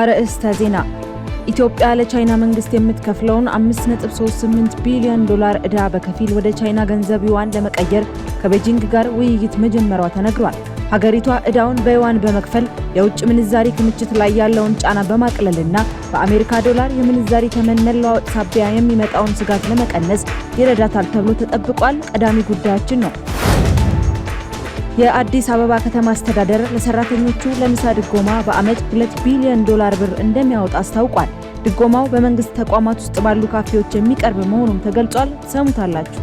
አርዕስተ ዜና ኢትዮጵያ ለቻይና መንግስት የምትከፍለውን 5.38 ቢሊዮን ዶላር ዕዳ በከፊል ወደ ቻይና ገንዘብ ዩዋን ለመቀየር ከቤጂንግ ጋር ውይይት መጀመሯ ተነግሯል። ሀገሪቷ ዕዳውን በዩዋን በመክፈል የውጭ ምንዛሪ ክምችት ላይ ያለውን ጫና በማቅለልና በአሜሪካ ዶላር የምንዛሪ ተመን መለዋወጥ ሳቢያ የሚመጣውን ስጋት ለመቀነስ ይረዳታል ተብሎ ተጠብቋል። ቀዳሚ ጉዳያችን ነው። የአዲስ አበባ ከተማ አስተዳደር ለሰራተኞቹ ለምሳ ድጎማ በአመት 2 ቢሊዮን ዶላር ብር እንደሚያወጣ አስታውቋል። ድጎማው በመንግስት ተቋማት ውስጥ ባሉ ካፌዎች የሚቀርብ መሆኑም ተገልጿል። ሰሙታላችሁ።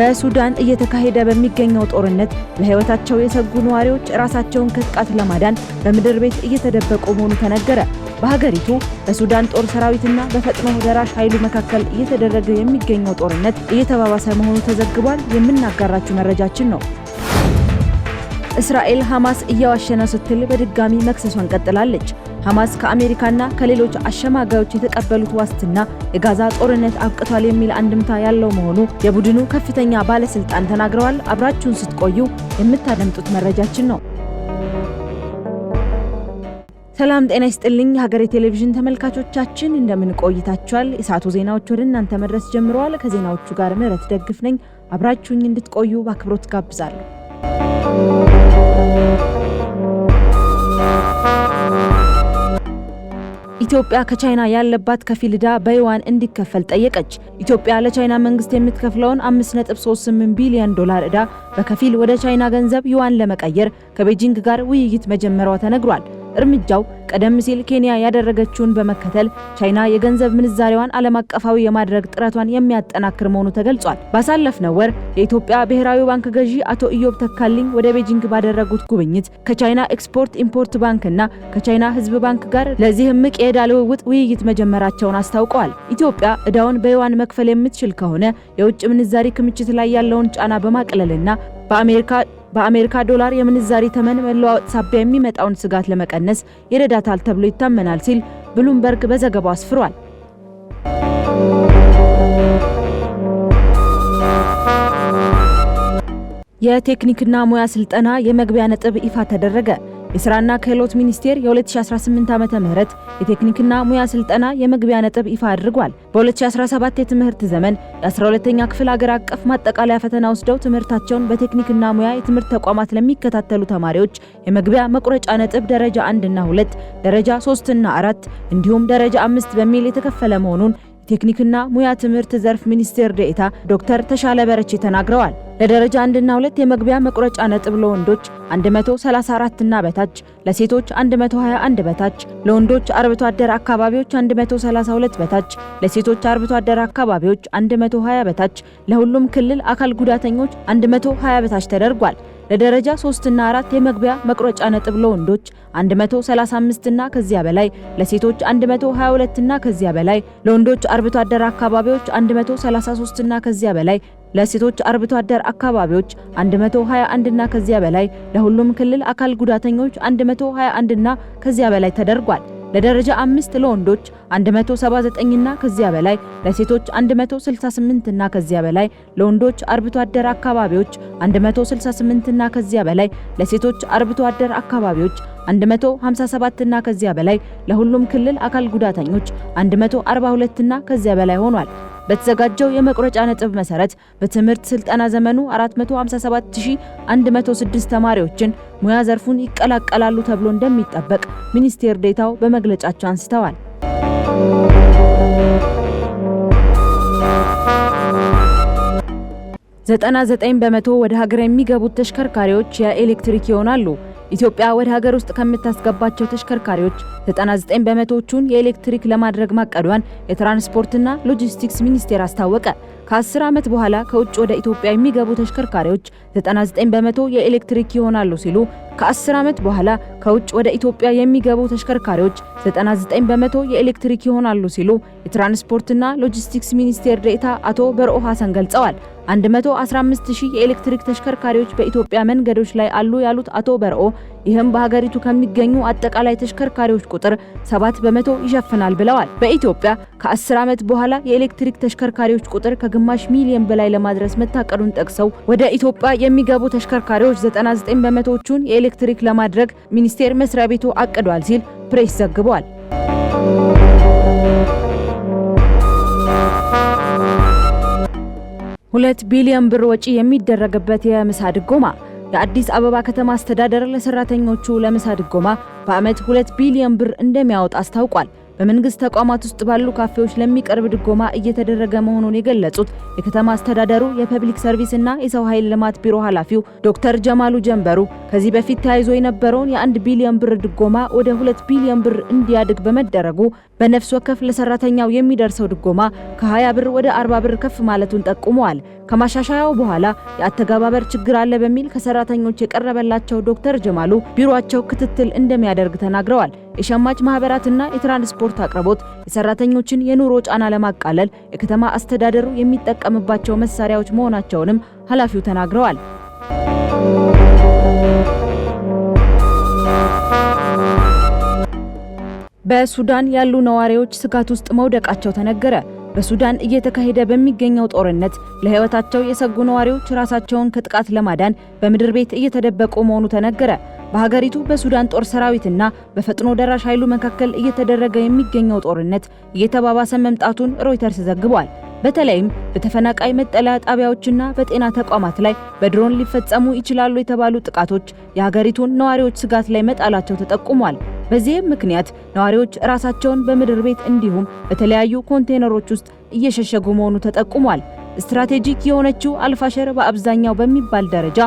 በሱዳን እየተካሄደ በሚገኘው ጦርነት በህይወታቸው የሰጉ ነዋሪዎች ራሳቸውን ከጥቃት ለማዳን በምድር ቤት እየተደበቁ መሆኑ ተነገረ። በሀገሪቱ በሱዳን ጦር ሰራዊትና በፈጥኖ ደራሽ ኃይሉ መካከል እየተደረገ የሚገኘው ጦርነት እየተባባሰ መሆኑ ተዘግቧል። የምናጋራችሁ መረጃችን ነው። እስራኤል ሐማስ እያዋሸ ነው ስትል በድጋሚ መክሰሷን ቀጥላለች። ሐማስ ከአሜሪካና ከሌሎች አሸማጋዮች የተቀበሉት ዋስትና የጋዛ ጦርነት አብቅቷል የሚል አንድምታ ያለው መሆኑ የቡድኑ ከፍተኛ ባለስልጣን ተናግረዋል። አብራችሁን ስትቆዩ የምታደምጡት መረጃችን ነው። ሰላም ጤና ይስጥልኝ ሀገሬ ቴሌቪዥን ተመልካቾቻችን እንደምን ቆይታችኋል? የሰዓቱ ዜናዎች ወደ እናንተ መድረስ ጀምረዋል። ከዜናዎቹ ጋር ምህረት ደግፍ ነኝ። አብራችሁኝ እንድትቆዩ በአክብሮት ጋብዛለሁ። ኢትዮጵያ ከቻይና ያለባት ከፊል ዕዳ በዩዋን እንዲከፈል ጠየቀች። ኢትዮጵያ ለቻይና መንግስት የምትከፍለውን 5.38 ቢሊዮን ዶላር ዕዳ በከፊል ወደ ቻይና ገንዘብ ዩዋን ለመቀየር ከቤጂንግ ጋር ውይይት መጀመሯ ተነግሯል። እርምጃው ቀደም ሲል ኬንያ ያደረገችውን በመከተል ቻይና የገንዘብ ምንዛሬዋን ዓለም አቀፋዊ የማድረግ ጥረቷን የሚያጠናክር መሆኑ ተገልጿል። ባሳለፍነው ወር የኢትዮጵያ ብሔራዊ ባንክ ገዢ አቶ ኢዮብ ተካልኝ ወደ ቤጂንግ ባደረጉት ጉብኝት ከቻይና ኤክስፖርት ኢምፖርት ባንክና ከቻይና ሕዝብ ባንክ ጋር ለዚህ እምቅ የዕዳ ልውውጥ ውይይት መጀመራቸውን አስታውቀዋል። ኢትዮጵያ ዕዳውን በዩዋን መክፈል የምትችል ከሆነ የውጭ ምንዛሪ ክምችት ላይ ያለውን ጫና በማቅለልና በአሜሪካ በአሜሪካ ዶላር የምንዛሪ ተመን መለዋወጥ ሳቢያ የሚመጣውን ስጋት ለመቀነስ የረዳ ይረዳታል ተብሎ ይታመናል ሲል ብሉምበርግ በዘገባው አስፍሯል። የቴክኒክና ሙያ ስልጠና የመግቢያ ነጥብ ይፋ ተደረገ። የስራና ክህሎት ሚኒስቴር የ2018 ዓመተ ምህረት የቴክኒክና ሙያ ስልጠና የመግቢያ ነጥብ ይፋ አድርጓል። በ2017 የትምህርት ዘመን የ12ኛ ክፍል አገር አቀፍ ማጠቃለያ ፈተና ወስደው ትምህርታቸውን በቴክኒክና ሙያ የትምህርት ተቋማት ለሚከታተሉ ተማሪዎች የመግቢያ መቁረጫ ነጥብ ደረጃ 1ና 2፣ ደረጃ 3ና 4 እንዲሁም ደረጃ 5 በሚል የተከፈለ መሆኑን የቴክኒክና ሙያ ትምህርት ዘርፍ ሚኒስቴር ዴኤታ ዶክተር ተሻለ በረቼ ተናግረዋል። ለደረጃ አንድና ሁለት የመግቢያ መቁረጫ ነጥብ ለወንዶች 134 እና በታች ለሴቶች 121 በታች ለወንዶች አርብቶ አደር አካባቢዎች 132 በታች ለሴቶች አርብቶ አደር አካባቢዎች 120 በታች ለሁሉም ክልል አካል ጉዳተኞች 120 በታች ተደርጓል። ለደረጃ 3 እና 4 የመግቢያ መቁረጫ ነጥብ ለወንዶች 135 እና ከዚያ በላይ ለሴቶች 122 እና ከዚያ በላይ ለወንዶች አርብቶ አደር አካባቢዎች 133 እና ከዚያ በላይ ለሴቶች አርብቶ አደር አካባቢዎች 121 እና ከዚያ በላይ ለሁሉም ክልል አካል ጉዳተኞች 121 እና ከዚያ በላይ ተደርጓል። ለደረጃ አምስት ለወንዶች 179 እና ከዚያ በላይ ለሴቶች 168 እና ከዚያ በላይ ለወንዶች አርብቶ አደር አካባቢዎች 168 እና ከዚያ በላይ ለሴቶች አርብቶ አደር አካባቢዎች 157 እና ከዚያ በላይ ለሁሉም ክልል አካል ጉዳተኞች 142 እና ከዚያ በላይ ሆኗል። በተዘጋጀው የመቁረጫ ነጥብ መሰረት በትምህርት ስልጠና ዘመኑ 457106 ተማሪዎችን ሙያ ዘርፉን ይቀላቀላሉ ተብሎ እንደሚጠበቅ ሚኒስቴር ዴታው በመግለጫቸው አንስተዋል። ዘጠና ዘጠኝ በመቶ ወደ ሀገር የሚገቡት ተሽከርካሪዎች የኤሌክትሪክ ይሆናሉ። ኢትዮጵያ ወደ ሀገር ውስጥ ከምታስገባቸው ተሽከርካሪዎች 99 በመቶዎቹን የኤሌክትሪክ ለማድረግ ማቀዷን የትራንስፖርትና ሎጂስቲክስ ሚኒስቴር አስታወቀ። ከ10 ዓመት በኋላ ከውጭ ወደ ኢትዮጵያ የሚገቡ ተሽከርካሪዎች 99 በመቶ የኤሌክትሪክ ይሆናሉ ሲሉ ከ ዓመት በኋላ ከውጭ ወደ ኢትዮጵያ የሚገቡ ተሽከርካሪዎች 99 በመቶ የኤሌክትሪክ ይሆናሉ ሲሉ የትራንስፖርትና ሎጂስቲክስ ሚኒስቴር ዴኤታ አቶ በርኦ ሐሰን ገልጸዋል። 115000 የኤሌክትሪክ ተሽከርካሪዎች በኢትዮጵያ መንገዶች ላይ አሉ ያሉት አቶ በርኦ ይህም በሀገሪቱ ከሚገኙ አጠቃላይ ተሽከርካሪዎች ቁጥር 7 በመቶ ይሸፍናል ብለዋል። በኢትዮጵያ ከ10 ዓመት በኋላ የኤሌክትሪክ ተሽከርካሪዎች ቁጥር ከግማሽ ሚሊዮን በላይ ለማድረስ መታቀዱን ጠቅሰው ወደ ኢትዮጵያ የሚገቡ ተሽከርካሪዎች 99 በመቶዎቹን ኤሌክትሪክ ለማድረግ ሚኒስቴር መስሪያ ቤቱ አቅዷል ሲል ፕሬስ ዘግቧል። ሁለት ቢሊዮን ብር ወጪ የሚደረግበት የምሳ ድጎማ የአዲስ አበባ ከተማ አስተዳደር ለሰራተኞቹ ለምሳ ድጎማ በዓመት ሁለት ቢሊዮን ብር እንደሚያወጣ አስታውቋል። በመንግስት ተቋማት ውስጥ ባሉ ካፌዎች ለሚቀርብ ድጎማ እየተደረገ መሆኑን የገለጹት የከተማ አስተዳደሩ የፐብሊክ ሰርቪስ እና የሰው ኃይል ልማት ቢሮ ኃላፊው ዶክተር ጀማሉ ጀንበሩ ከዚህ በፊት ተያይዞ የነበረውን የአንድ ቢሊዮን ብር ድጎማ ወደ ሁለት ቢሊዮን ብር እንዲያድግ በመደረጉ በነፍስ ወከፍ ለሰራተኛው የሚደርሰው ድጎማ ከ20 ብር ወደ 40 ብር ከፍ ማለቱን ጠቁመዋል። ከማሻሻያው በኋላ የአተገባበር ችግር አለ በሚል ከሰራተኞች የቀረበላቸው ዶክተር ጀማሉ ቢሮአቸው ክትትል እንደሚያደርግ ተናግረዋል። የሸማች ማህበራትና የትራንስፖርት አቅርቦት የሰራተኞችን የኑሮ ጫና ለማቃለል የከተማ አስተዳደሩ የሚጠቀምባቸው መሳሪያዎች መሆናቸውንም ኃላፊው ተናግረዋል። በሱዳን ያሉ ነዋሪዎች ስጋት ውስጥ መውደቃቸው ተነገረ። በሱዳን እየተካሄደ በሚገኘው ጦርነት ለሕይወታቸው የሰጉ ነዋሪዎች ራሳቸውን ከጥቃት ለማዳን በምድር ቤት እየተደበቁ መሆኑ ተነገረ። በሀገሪቱ በሱዳን ጦር ሰራዊትና በፈጥኖ ደራሽ ኃይሉ መካከል እየተደረገ የሚገኘው ጦርነት እየተባባሰ መምጣቱን ሮይተርስ ዘግቧል። በተለይም በተፈናቃይ መጠለያ ጣቢያዎችና በጤና ተቋማት ላይ በድሮን ሊፈጸሙ ይችላሉ የተባሉ ጥቃቶች የሀገሪቱን ነዋሪዎች ስጋት ላይ መጣላቸው ተጠቁሟል። በዚህም ምክንያት ነዋሪዎች ራሳቸውን በምድር ቤት እንዲሁም በተለያዩ ኮንቴነሮች ውስጥ እየሸሸጉ መሆኑ ተጠቁሟል። ስትራቴጂክ የሆነችው አልፋሸር በአብዛኛው በሚባል ደረጃ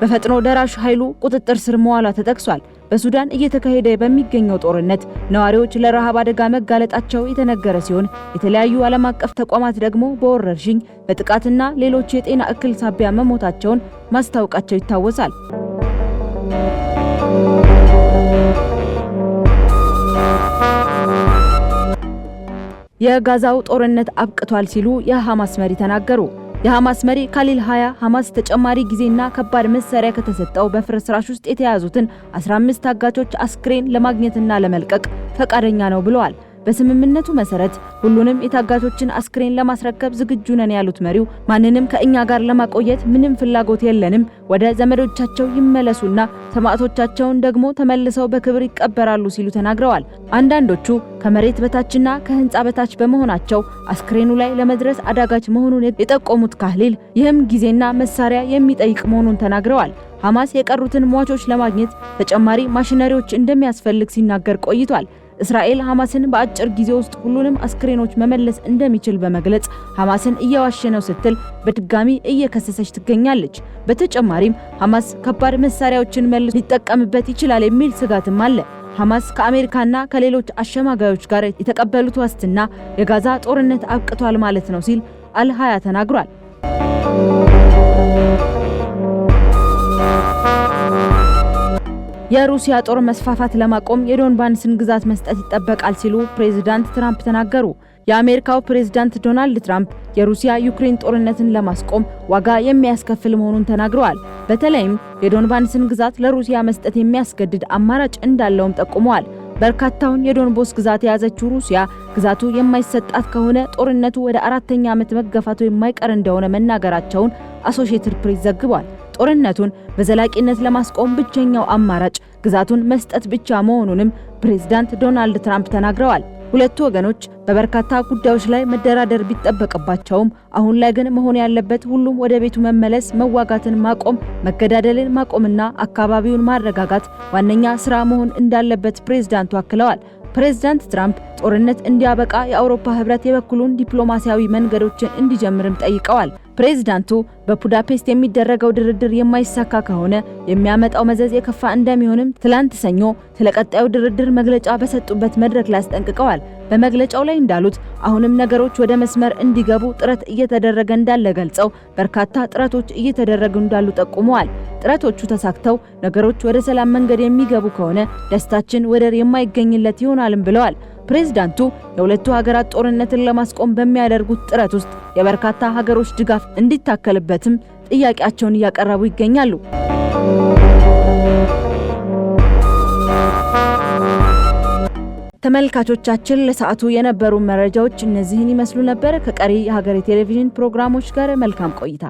በፈጥኖ ደራሽ ኃይሉ ቁጥጥር ስር መዋሏ ተጠቅሷል። በሱዳን እየተካሄደ በሚገኘው ጦርነት ነዋሪዎች ለረሃብ አደጋ መጋለጣቸው የተነገረ ሲሆን የተለያዩ ዓለም አቀፍ ተቋማት ደግሞ በወረርሽኝ በጥቃትና ሌሎች የጤና እክል ሳቢያ መሞታቸውን ማስታወቃቸው ይታወሳል። የጋዛው ጦርነት አብቅቷል ሲሉ የሐማስ መሪ ተናገሩ። የሐማስ መሪ ካሊል ሃያ ሐማስ ተጨማሪ ጊዜና ከባድ መሳሪያ ከተሰጠው በፍርስራሽ ውስጥ የተያዙትን 15 ታጋቾች አስክሬን ለማግኘትና ለመልቀቅ ፈቃደኛ ነው ብለዋል። በስምምነቱ መሰረት ሁሉንም የታጋቾችን አስክሬን ለማስረከብ ዝግጁ ነን ያሉት መሪው ማንንም ከእኛ ጋር ለማቆየት ምንም ፍላጎት የለንም፣ ወደ ዘመዶቻቸው ይመለሱና ሰማዕቶቻቸውን ደግሞ ተመልሰው በክብር ይቀበራሉ ሲሉ ተናግረዋል። አንዳንዶቹ ከመሬት በታችና ከህንፃ በታች በመሆናቸው አስክሬኑ ላይ ለመድረስ አዳጋች መሆኑን የጠቆሙት ካህሊል ይህም ጊዜና መሳሪያ የሚጠይቅ መሆኑን ተናግረዋል። ሐማስ የቀሩትን ሟቾች ለማግኘት ተጨማሪ ማሽነሪዎች እንደሚያስፈልግ ሲናገር ቆይቷል። እስራኤል ሐማስን በአጭር ጊዜ ውስጥ ሁሉንም አስክሬኖች መመለስ እንደሚችል በመግለጽ ሐማስን እየዋሸ ነው ስትል በድጋሚ እየከሰሰች ትገኛለች። በተጨማሪም ሐማስ ከባድ መሳሪያዎችን መልሶ ሊጠቀምበት ይችላል የሚል ስጋትም አለ። ሐማስ ከአሜሪካና ከሌሎች አሸማጋዮች ጋር የተቀበሉት ዋስትና የጋዛ ጦርነት አብቅቷል ማለት ነው ሲል አልሃያ ተናግሯል። የሩሲያ ጦር መስፋፋት ለማቆም የዶንባንስን ግዛት መስጠት ይጠበቃል ሲሉ ፕሬዚዳንት ትራምፕ ተናገሩ። የአሜሪካው ፕሬዚዳንት ዶናልድ ትራምፕ የሩሲያ ዩክሬን ጦርነትን ለማስቆም ዋጋ የሚያስከፍል መሆኑን ተናግረዋል። በተለይም የዶንባንስን ግዛት ለሩሲያ መስጠት የሚያስገድድ አማራጭ እንዳለውም ጠቁመዋል። በርካታውን የዶንቦስ ግዛት የያዘችው ሩሲያ ግዛቱ የማይሰጣት ከሆነ ጦርነቱ ወደ አራተኛ ዓመት መገፋቱ የማይቀር እንደሆነ መናገራቸውን አሶሺየትድ ፕሬስ ዘግቧል። ጦርነቱን በዘላቂነት ለማስቆም ብቸኛው አማራጭ ግዛቱን መስጠት ብቻ መሆኑንም ፕሬዝዳንት ዶናልድ ትራምፕ ተናግረዋል። ሁለቱ ወገኖች በበርካታ ጉዳዮች ላይ መደራደር ቢጠበቅባቸውም አሁን ላይ ግን መሆን ያለበት ሁሉም ወደ ቤቱ መመለስ፣ መዋጋትን ማቆም፣ መገዳደልን ማቆምና አካባቢውን ማረጋጋት ዋነኛ ስራ መሆን እንዳለበት ፕሬዝዳንቱ አክለዋል። ፕሬዝዳንት ትራምፕ ጦርነት እንዲያበቃ የአውሮፓ ህብረት የበኩሉን ዲፕሎማሲያዊ መንገዶችን እንዲጀምርም ጠይቀዋል። ፕሬዝዳንቱ በቡዳፔስት የሚደረገው ድርድር የማይሳካ ከሆነ የሚያመጣው መዘዝ የከፋ እንደሚሆንም ትላንት ሰኞ ስለ ቀጣዩ ድርድር መግለጫ በሰጡበት መድረክ ላይ አስጠንቅቀዋል። በመግለጫው ላይ እንዳሉት አሁንም ነገሮች ወደ መስመር እንዲገቡ ጥረት እየተደረገ እንዳለ ገልጸው በርካታ ጥረቶች እየተደረጉ እንዳሉ ጠቁመዋል። ጥረቶቹ ተሳክተው ነገሮች ወደ ሰላም መንገድ የሚገቡ ከሆነ ደስታችን ወደር የማይገኝለት ይሆናልም ብለዋል። ፕሬዝዳንቱ የሁለቱ ሀገራት ጦርነትን ለማስቆም በሚያደርጉት ጥረት ውስጥ የበርካታ ሀገሮች ድጋፍ እንዲታከልበትም ጥያቄያቸውን እያቀረቡ ይገኛሉ። ተመልካቾቻችን ለሰዓቱ የነበሩ መረጃዎች እነዚህን ይመስሉ ነበር። ከቀሪ የሀገሬ ቴሌቪዥን ፕሮግራሞች ጋር መልካም ቆይታ